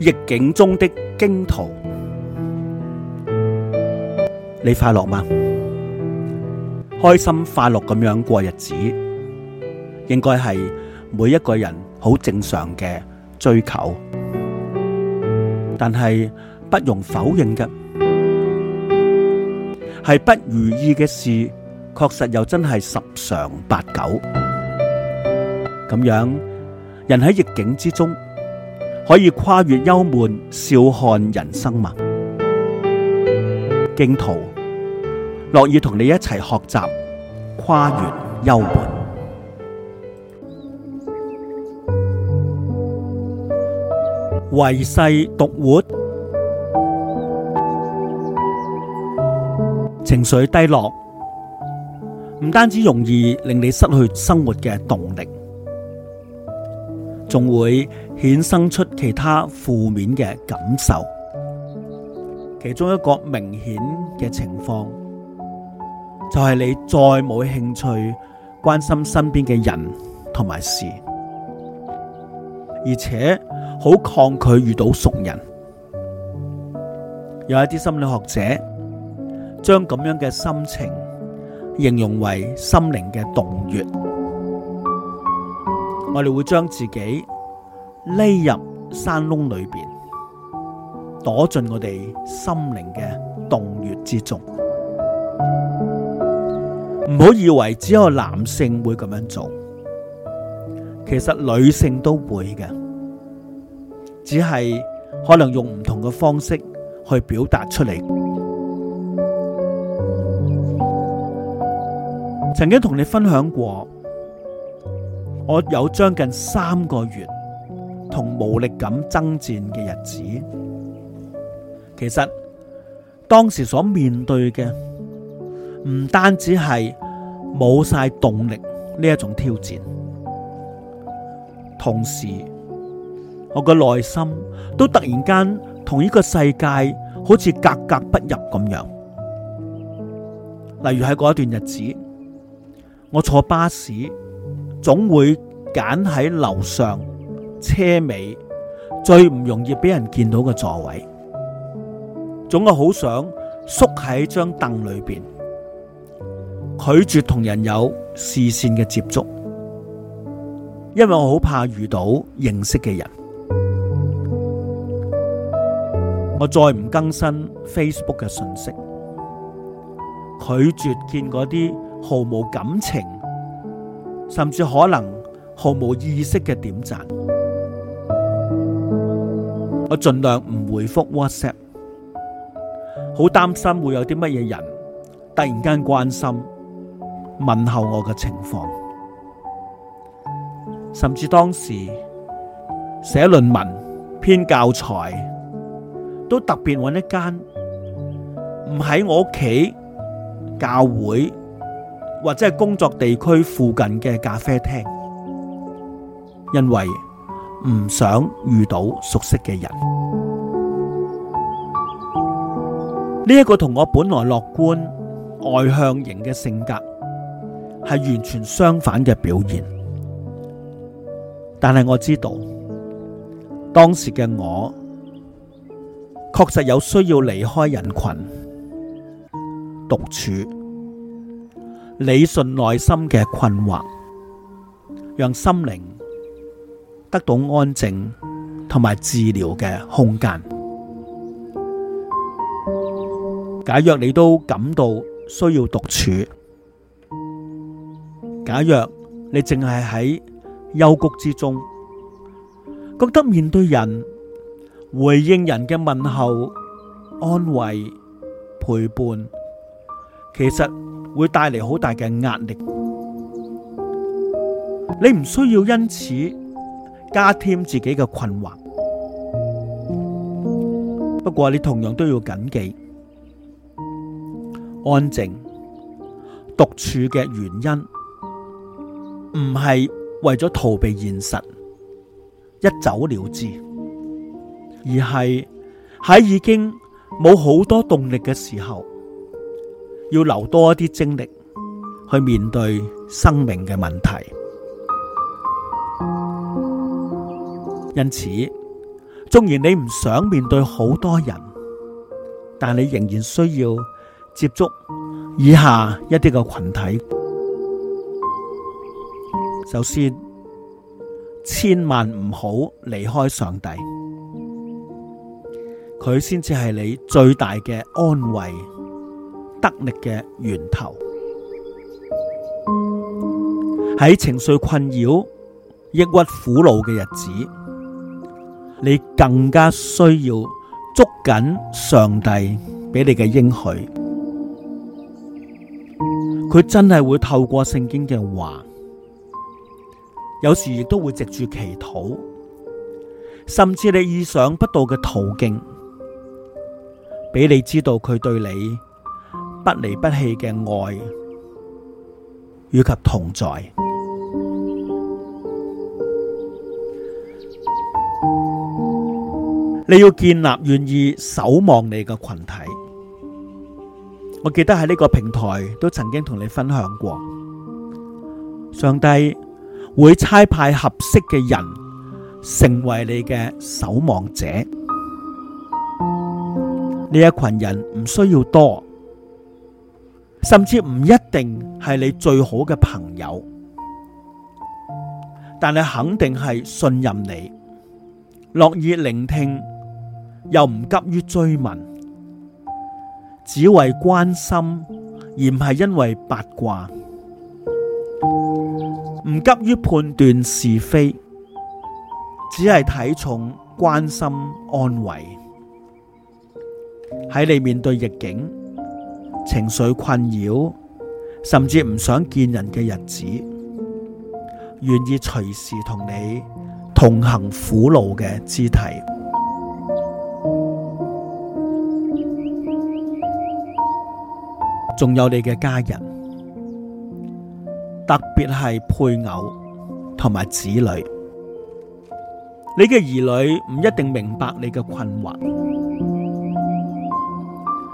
逆境中的荊徒，你快樂嗎？開心快樂咁樣過日子，應該係每一個人好正常嘅追求。但係不容否認嘅，係不如意嘅事，確實又真係十常八九。咁樣，人喺逆境之中。可以跨越幽悶，笑看人生物。荊徒樂意同你一齊學習跨越幽悶。遺世獨活，情緒低落，唔單止容易令你失去生活嘅動力，仲會衍生出其他負面嘅感受，其中一個明顯嘅情況就係你再冇興趣關心身邊嘅人同埋事，而且好抗拒遇到熟人。有一啲心理學者將咁樣嘅心情形容為心靈嘅洞穴。我哋會將自己匿入山窿裏邊，躲進我哋心靈嘅洞穴之中。唔好以為只有男性會咁樣做，其實女性都會嘅，只係可能用唔同嘅方式去表達出嚟。曾經同你分享過。我有將近三個月同無力感爭戰嘅日子，其實當時所面對嘅唔單止係冇晒動力呢一種挑戰，同時我嘅內心都突然間同呢個世界好似格格不入咁樣。例如喺嗰一段日子，我坐巴士總會。揀喺樓上車尾最唔容易俾人見到嘅座位，總係好想縮喺張凳裏邊，拒絕同人有視線嘅接觸，因為我好怕遇到認識嘅人。我再唔更新 Facebook 嘅信息，拒絕見嗰啲毫無感情，甚至可能。毫無意識嘅點讚，我盡量唔回覆 WhatsApp，好擔心會有啲乜嘢人突然間關心問候我嘅情況，甚至當時寫論文、編教材，都特別揾一間唔喺我屋企、教會或者係工作地區附近嘅咖啡廳。因為唔想遇到熟悉嘅人，呢一個同我本來樂觀外向型嘅性格係完全相反嘅表現。但係我知道當時嘅我確實有需要離開人群，獨處，理順內心嘅困惑，讓心靈。得到安靜同埋治療嘅空間。假若你都感到需要獨處，假若你淨係喺幽谷之中，覺得面對人、回應人嘅問候、安慰、陪伴，其實會帶嚟好大嘅壓力。你唔需要因此。加添自己嘅困惑，不過你同樣都要謹記，安靜獨處嘅原因唔係為咗逃避現實一走了之，而係喺已經冇好多動力嘅時候，要留多一啲精力去面對生命嘅問題。因此，縱然你唔想面對好多人，但你仍然需要接觸以下一啲嘅群體。首先，千萬唔好離開上帝，佢先至係你最大嘅安慰、得力嘅源頭。喺情緒困擾、抑鬱苦惱嘅日子。你更加需要捉緊上帝俾你嘅應許，佢真係會透過聖經嘅話，有時亦都會藉住祈禱，甚至你意想不到嘅途徑，俾你知道佢對你不離不棄嘅愛，與及同在。你要建立願意守望你嘅群體。我記得喺呢個平台都曾經同你分享過，上帝會差派合適嘅人成為你嘅守望者。呢一群人唔需要多，甚至唔一定係你最好嘅朋友，但係肯定係信任你，樂意聆聽。又唔急於追問，只為關心而唔係因為八卦，唔急於判斷是非，只係睇重關心安慰。喺你面對逆境、情緒困擾，甚至唔想見人嘅日子，願意隨時同你同行苦路嘅肢體。仲有你嘅家人，特別係配偶同埋子女。你嘅兒女唔一定明白你嘅困惑，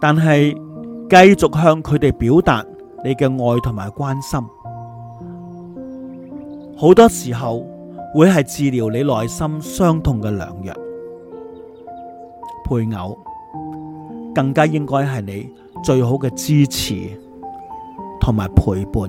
但係繼續向佢哋表達你嘅愛同埋關心。好多時候會係治療你內心傷痛嘅良藥。配偶更加應該係你。最好嘅支持同埋陪伴。